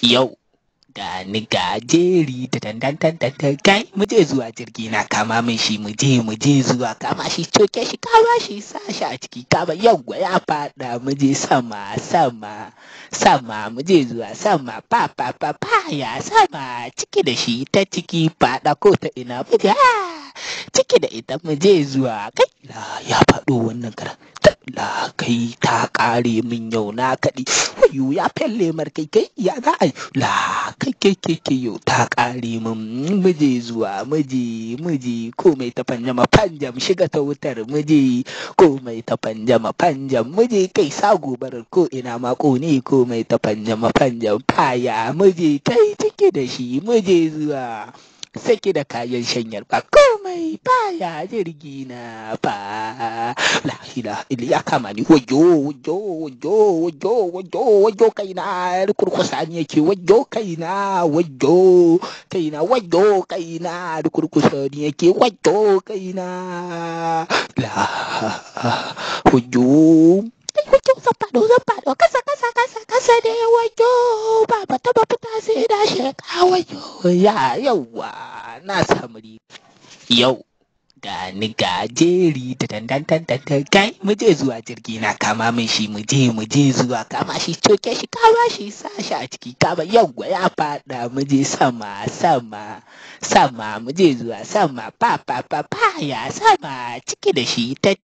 yau ga ni ga jeri da dandantantantan kai mu je zuwa jirgi na kama min shi mu je mu je zuwa kama shi coke shi kama shi sa shi a ciki kama ga ya fada mu je sama sama sama mu je zuwa sama pa pa pa pa ya sama ciki da shi ta ciki fada ko ta ina mu je ah, ciki da ita mu je zuwa kai ya faɗo wannan karan da kai ta kare min yau na kaɗi wayo ya felle kai kai ya za a la kai kai kai yau ta ƙare min muje zuwa muje muje komai ta fanjama fanjam shiga ta wutar muje komai ta fanjama fanjam muje kai sa gobarar ko ina ma ko ne komai ta fanjama fanjam faya muje kai ciki da shi muje zuwa sake da kayan shanyar ba komai baya jirgi na fa la ila ya kama ni wajo wajo wajo wajo wajo wajo kaina kurkusa ni yake wajo kaina wajo kaina wajo kaina kurkusa ni yake wajo kaina la wajo wajo zan faɗo zan kasa kasa kasa kasa ne wajo sai na sheƙa ya na samu yau ga ni ga jeri da dandantantantan kai mu je zuwa jirgi na kama min shi mu je mu je zuwa kama shi coke shi kama shi sa shi a ciki kama yawwa ya fada mu je sama sama sama mu je zuwa sama pa pa pa pa ya sama ciki da shi ta